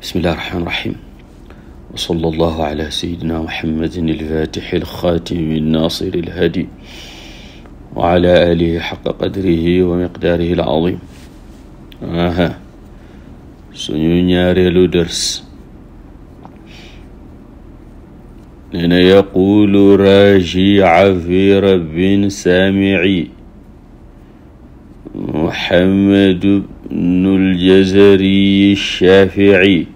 bismillahi irrahmani irrahim wasala allahu ala seyidina mohammadin ilfatixi ilxaatimi ilnasiri ilhadi wa ala alihi xaqa qadrihi wa miqdaarihi ilazim aha suñu ñaareelu dërs nee na yaqulu raji'a fi rabbin saami'i muhammadu bnu ljazariyi shafii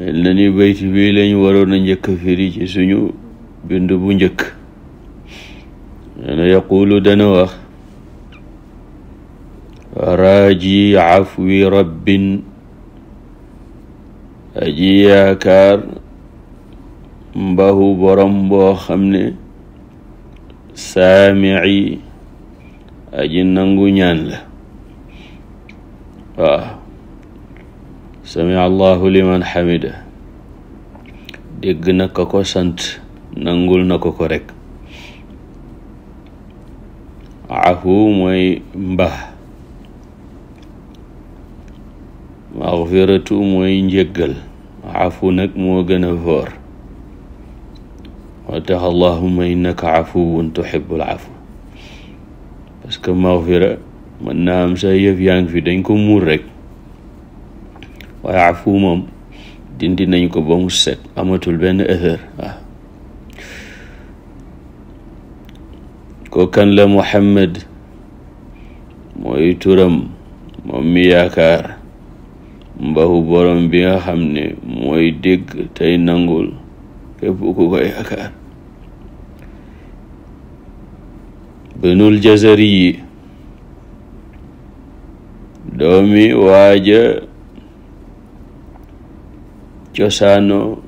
mel na ni bayt bi lañ waroon a njëkk firi ci suñu bind bu njëkk dana yaquulu dana wax raaji afwi rabbin aji yaakaar mbahu borom boo xam ne saamici aji nangu ñaan la waaw sami allahu liman xamida dégg na ko ko sant nangul na ko ko rek afu mooy mbax maxfiratu mooy njëggal afu nag moo gën a foor wa tax allahuma innaka afuwun tuhibbul afu parce que maxfira mën naa am sa yëf yaa fi dañ ko muur rek waaye afu moom dindi nañ ko ba mu set amatul benn erreur waaw ko kan la Muhammad mooy turam moom mi yaakaar mbaxu borom bi nga xam ne mooy dégg tey nangul képp ku ko yaakaar binul jasari yi doomi waaja cosaano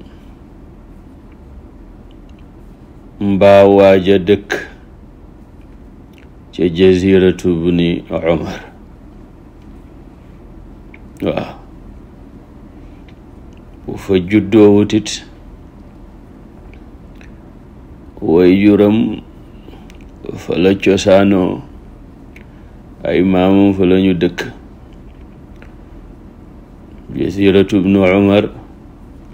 mbaa waaja dëkk ci jaziratu bni Umar waaw bu fa juddoo wutit way fa cosaanoo ay maamam fa lañu dëkk jaziratu bnu umar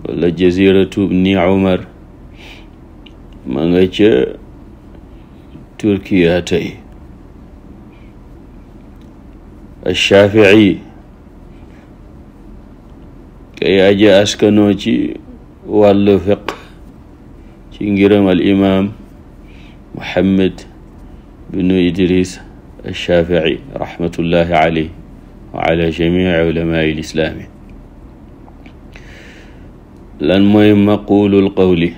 wala jaziratu bni umar ma nga ca turkiya kay aja askanoo ci wàllu fiq ci al imam muhammad bnu idris alshafii rahmatullahi alayh wa ala jamici ulamaai lislaami lan mooy maqulul qawli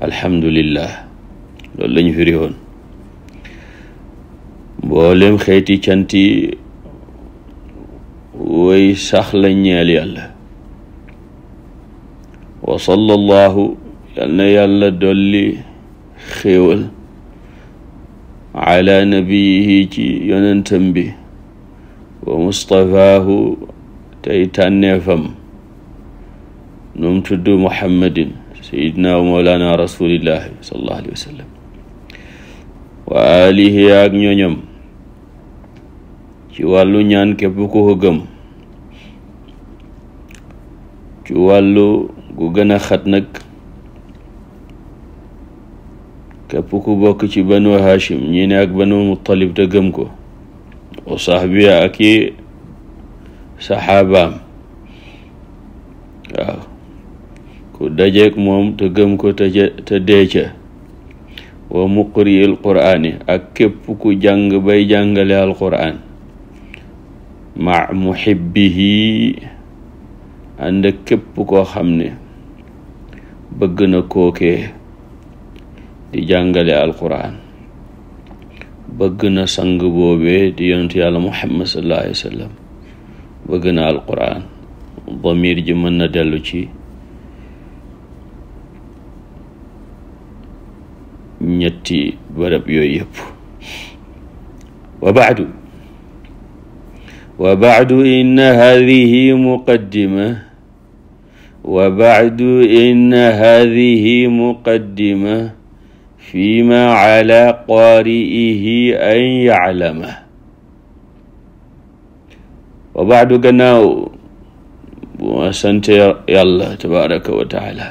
alhamdulillah loolu lañu firi woon mboolem xeeti canti way sax la ñeel yàlla wa sallallahu yal na yàlla dolli xéewal ala nabiyihi ci yonentam bi wa mustafaahu tey tànneefam num tudd muhammadin sayidna wa mawlana rasulillahi sallallahu alayhi wa sallam wa alihi ak ñoñam ci wàllu ñaan képp ku ko gëm ci wàllu gu gën a xat nag képp ku bokk ci banu hashim ñi ne ak banu muttalib te gëm ko wa sahbiya ak saxaabaam ku dajeek moom te gëm ko te te dee ca wa quraani ak képp ku jàng bay jàngale al quraan ma muhibbihi ànd képp koo xam ne bëgg na kookee di jàngale alquran bëgg na sang boobee di yonent yàlla muhammad sallallahu alayhi wa sallam bëgg na alquran damir ji mën na dellu ci ñetti bërëb yooyu yëpp wa baadu wa baadu inna hadihi muqaddima wa baadu inna hadihi muqaddima fiima ala qaari'ihi an yaclama wa baadu gannaaw bu ma sante yàlla tabaraka wa taala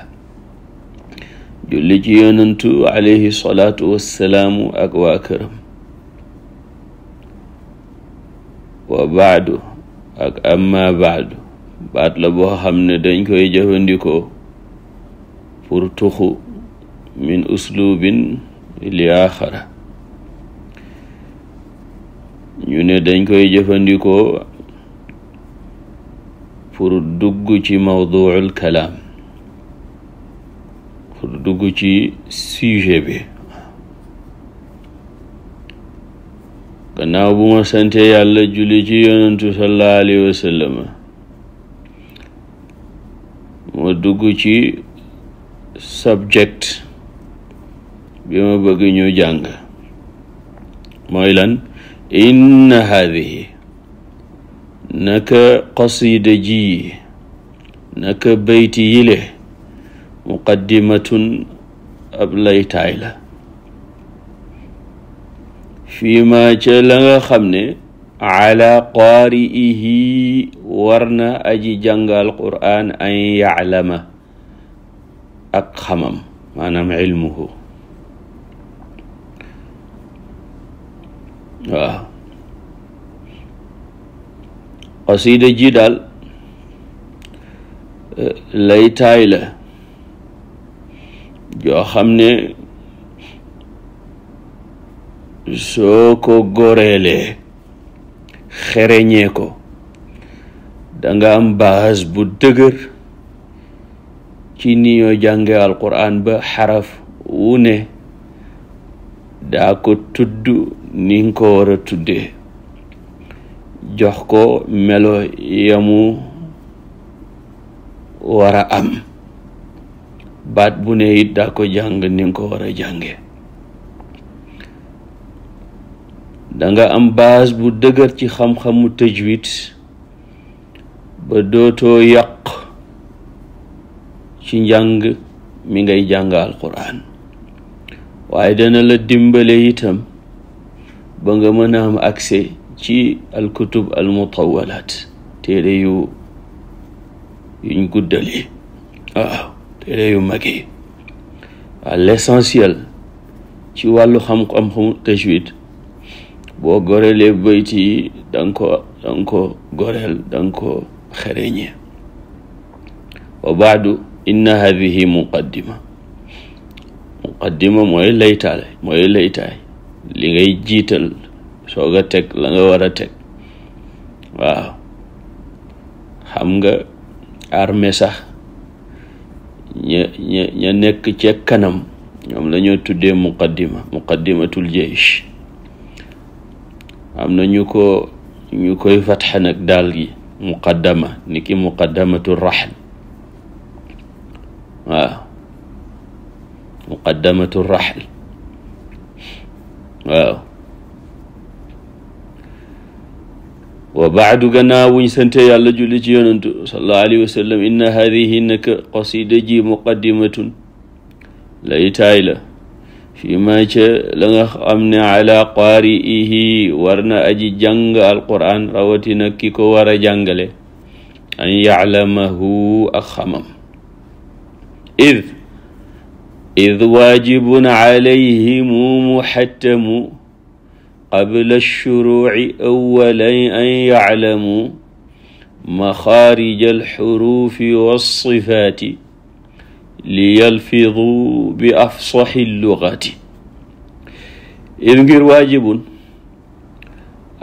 julli ci yonantu alayhi salaatu wassalaamu ak waa këram wa baadu ak amma baadu baat la boo xam ne dañ koy jëfandikoo pour tuxu min uslubin liaaxara ñu ne dañ koy jëfandikoo pour dugg ci mawduul kalaam pour dugg ci sujet bi gannaaw bu yàlla julli ci yonentu sallallahu alayhi wa sallam ma subject bi ma bëgg ñu jàng mooy lan inna naka qasida ji naka bayti yile muqaddimatun ab laytaay la fii ma ca la nga xam ne ala qaari'ihi jàngal qur'aan an yaclama ak xamam maanaam ilmuhu waaw xasida ji daal eh, laytaay la joo xam ne soo ko góoreelee xereñee ko danga am baas bu dëgër ci ni ñoo jànge alquran ba xaraf wu daa ko tudd ni nga ko war a tuddee jox ko melo yamu wara am baat bu ne it daa ko jàng ni nga ko war a jànge danga am base bu dëgër ci xam-xamu tajwid ba dootoo yàq ci njàng mi ngay jàng alquran waaye dana la dimbale itam ba nga mën a am accès ci alkutub almutawalaat téere yu yuñ guddal yi yu mag yi waaw ci wàllu xam-xam-xamu tajwid boo gorelee bayt yi da goreel da nga wa baadu inna hadihi muqaddima muqaddima mooy laytaale mooy laytaay li ngay jiital soog a teg la nga war a teg waaw xam nga armée ña ña nekk ca kanam ñoom la ñoo tuddee muqaddima muqaddimatul jeysh am na ñu ko ñu koy fatxa nag daal gi muqaddama ni ki muqaddamatul waaw muqaddamatu raxl waaw wa baadu gannaaw wuñ sante yàlla julli ci yonantu sallallahu alayhi wa sallam inna hadihi naka qasida ji muqaddimatun laytaay la fii ma ca la nga xam ne ala qaari'ihi war na aji jàng alquran rawatina ki ko war a jàngale an yaclamahu ak xamam id id waajibun calayhimu muxattamu qabla alshuruuci awalan an yaclamu maxaarija alxuruufi walsifaati liyalfiduu bi afsaxi llugati id ngir waajibun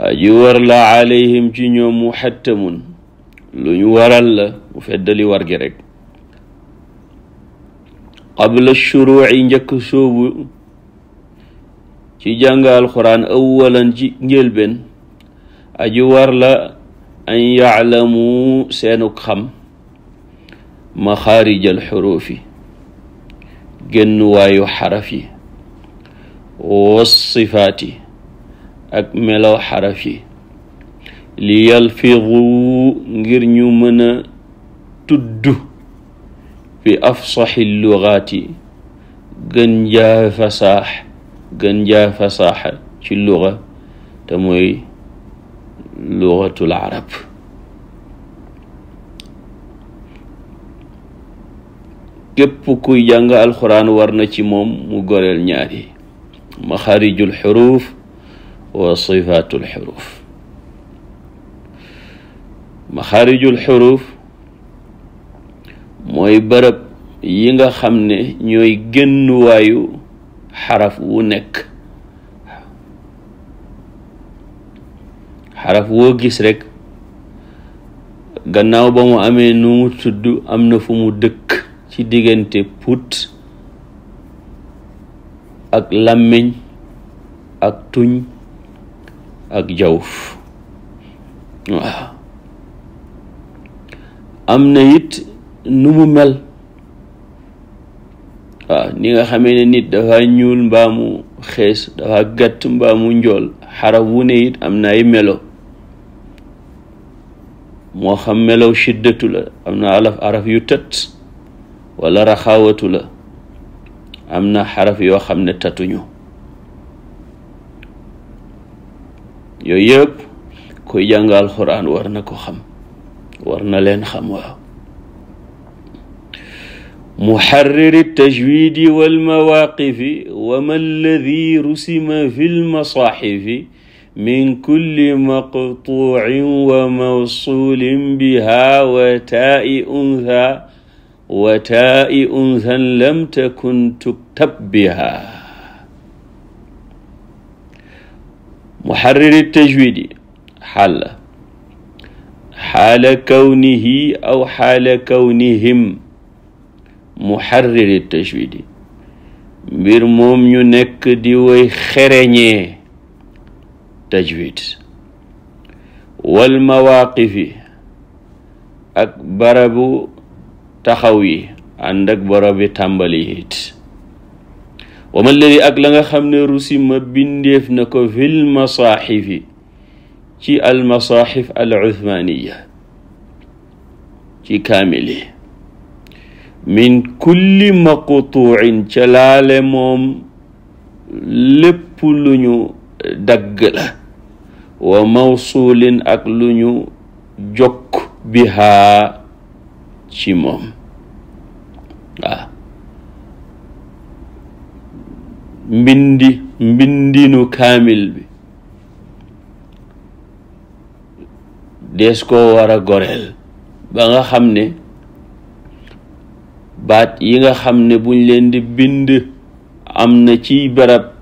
aji war la calayhim ci ñoom muxattamun lu ñu waral la mu feddali war gi rek qabla shuruuci njëkk soobu ci jàng alxuraan awalan ci njëlbeen aji war la an yaclamu seenuk xam maxaarij alxuruufi génn waayu xaraf yi wasifaat yi ak melow xaraf yi li yalfidu ngir ñu mën a tudd bi afsaxi lugaati gën jaa fasaax gën jaa fasaaxa ci luga te mooy lugatul arab képp kuy jàng alxuraan war na ci moom mu goreel ñaari maxaarijul xuruuf wa sifaatul xuruuf maxaarijul xuruuf bërëb yi nga xam ne ñooy génnuwaayu xaraf wu nekk xaraf woo gis rekk gannaaw ba mu amee nu mu tudd am na fu mu dëkk ci diggante put ak làmmiñ ak tuñ ak jawf waaw am na it numu mel waaw ni nga xamee ne nit dafa ñuul mbaa mu xees dafa gàtt mbaa mu njool xaraf wu ne am na ay melo moo xam melow shiddatu la am na alaf araf yu tët wala raxaawatu la am na xaraf yoo xam ne tatuñu yooyu yëpp koy jàngal alxuraan war na ko xam war na leen xam waaw muxarriri tajwidi walmawaaqifi wa ma alladi rusima fi lmasaxifi min kulli maqtuucin wa mawsuulin biha wa taa'i untha wa taa'i unthan lam takun tuktab biha muxarriri tajwidi xaala xaala kawnihi aw xaala kawnihim mu muharriri tajwidi mbir moom ñu nekk di woy xereñee tajwid wal mawaqifi ak barabu taxaw yi ànd ak barabi tàmbali it wa man ak la nga xam ne rusima bindeef na ko fil masaaxifi ci al masaaxif al uthmaniya ci kaamil min kulli maqtuuin ca laale moom lépp luñu ñu dagg la wa mawsulin ak luñu ñu bi bihaa ci moom waaw mbindi mbindinu kaamil bi des ko war a goreel ba nga xam ne baat yi nga xam ne buñ leen di bind am na ci barab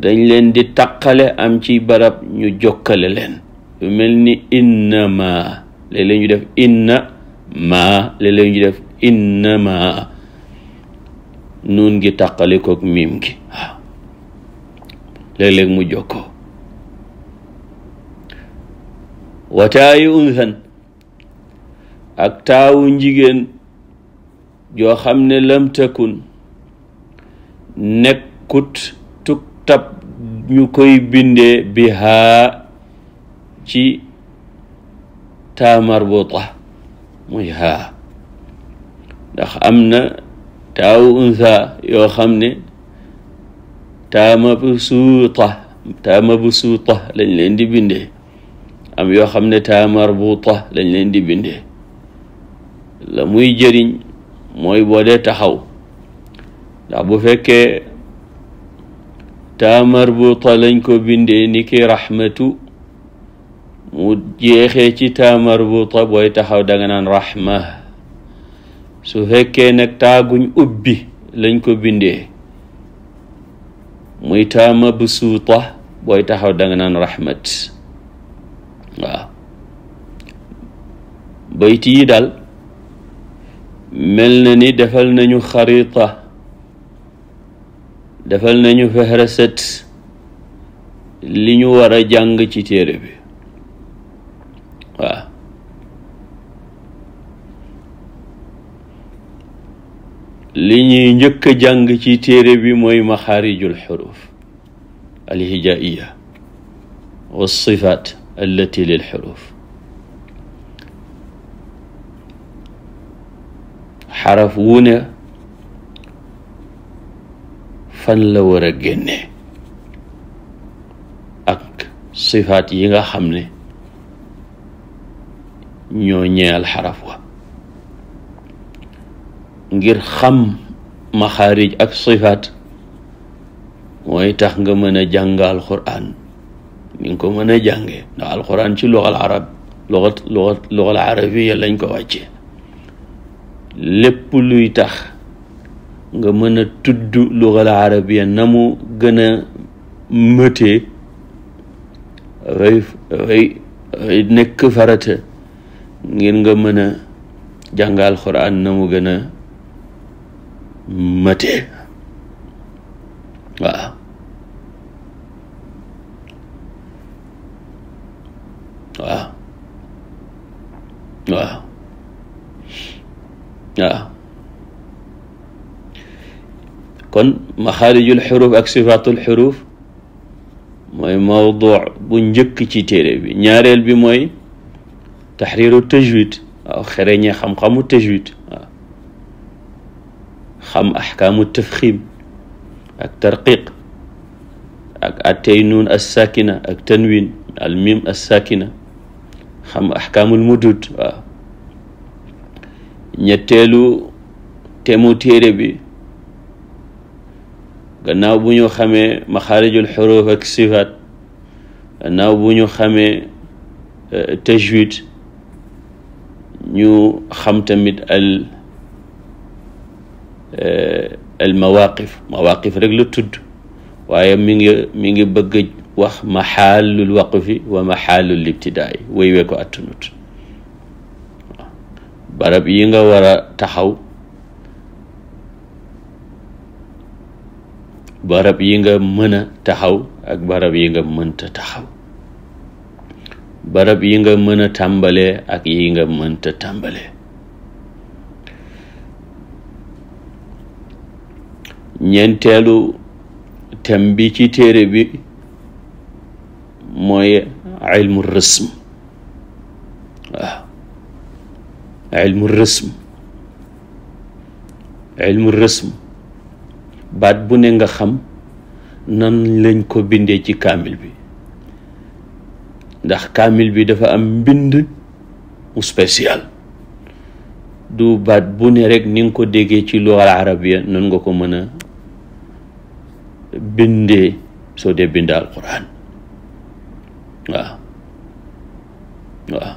dañ leen di takkale am ci barab ñu jokkale leen lu mel ni inna maa léeg-léeg def inna maa léeg-léeg def inna maa nuun gi taqale koog miim gi waaw léeg mu jokkoo wataayu unthan ak taawu njigéen yoo xam ne lam takun nekkut tuktab ñu koy bindee bihaa ci taa marbuta muy haa ndax am na taawu untha yoo xam ne taa mabsuuta taa mabsuuta lañ leen di bindee am yoo xam ne taa marbuta lañ leen di bindee la muy jëriñ mooy boo taxaw ndax bu fekkee taa marbuta lañ ko bindee ni ki raxmatu mu jeexee ci taa marbuta booy taxaw danga naan raxma su fekkee nag taaguñ ubbi lañ ko bindee muy taa mabsuuta booy taxaw danga naan raxmat waaw bayti yi daal mel na ni defal nañu xarita defal nañu fehreset li ñu war a jàng ci téere bi waaw li ñuy njëkk jàng ci téere bi mooy maxaarijul xuruf alhijaiya wa sifaat xaraf wu fan la war a génne ak sifaat yi nga xam ne ñoo ñeel xaraf wa ngir xam maxaarij ak sifaat mooy tax nga mën a jàng alquran ni ko mën a jànge ndax ci luxal arab luxat luxat luxal arabiya lañ ko wàcce lépp luy tax nga mën a tudd lugal arabiya na mu gëna mëte mëtee dafay dafay nekk farata ngir nga mën a jàngal Alxuraan na mu gën a mëtee waaw waaw waaw waaw kon maxaarijul xuruuf ak sifaatul xuruuf mooy mawduu bu njëkk ci téere bi ñaareel bi mooy taxriiru tajwid waaw xereñe xam-xamu tajwid waaw xam axkaamu tafxiim ak tarqiq ak atey nuun assakina ak tanwin al mim assakina xam axkaamul mudud ñetteelu temu téere bi gannaaw bu ñu xamee maxaarijul xuruuf ak sifaat gannaaw bu ñu xamee e, tajwid ñu xam tamit al e, al mawaqif mawaqif rek la tudd waaye mi ngi mi ngi bëgg wax maxaalul waqfi wa maxaalul ibtidaay way wee ko attunut barab yi nga war taxaw barab yi nga mën taxaw ak barab yi nga mënta taxaw barab yi nga mën a tàmbale ak yi nga mënta tàmbale ñeenteelu tem bi ci téere bi mooy ilmu rësm ilmu rësm ilmu rësm baat bu ne nga xam nan lañ ko bindee ci kaamil bi ndax kaamil bi dafa am mbind mu spécial du baat bu ne rek ni nga ko déggee ci luxal arabiya nan nga ko mën bindee soo dee bind alquran waaw waaw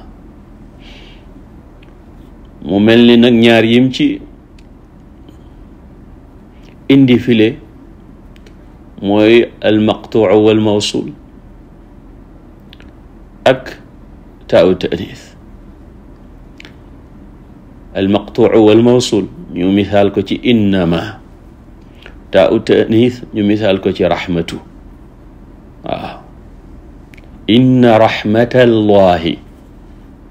mu mel ni nag ñaar yim ci indi file mooy almaqtuu wal mawsul ak taau tanis almaqtuu wal mawsul ñu misaal ko ci innama taau tanis ñu misaal ko ci raxmatu waaw inna raxmatallahi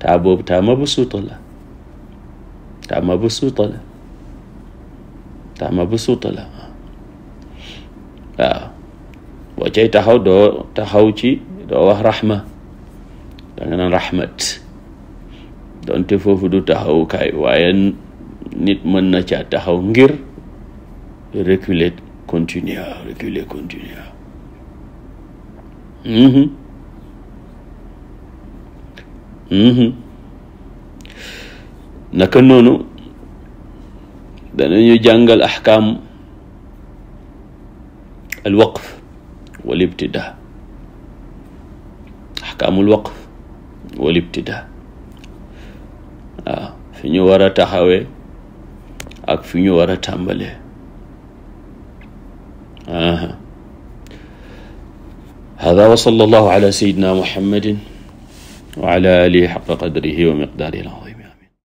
taa boobu taa ma bu suuta la تعمى بالسلطنة تعمى بالسلطنة waaw boo cay taxaw doo taxaw ci doo wax raxma danga naan raxmat donte foofu du taxawukaay waaye nit mën na caa taxaw ngir reculer continuer reculer continuer mm-hmm. Mm-hmm. naka noonu danañu jàngal axkaam al waqf wal ibtidaa axkaamul waqf wal ibtidaa waaw fi ñu war a taxawee ak fi ñu war a tàmbalee hada wa sallallahu ala sayyidina muhammadin wa ala alihi xaqa qadrihi wa miqdaarihi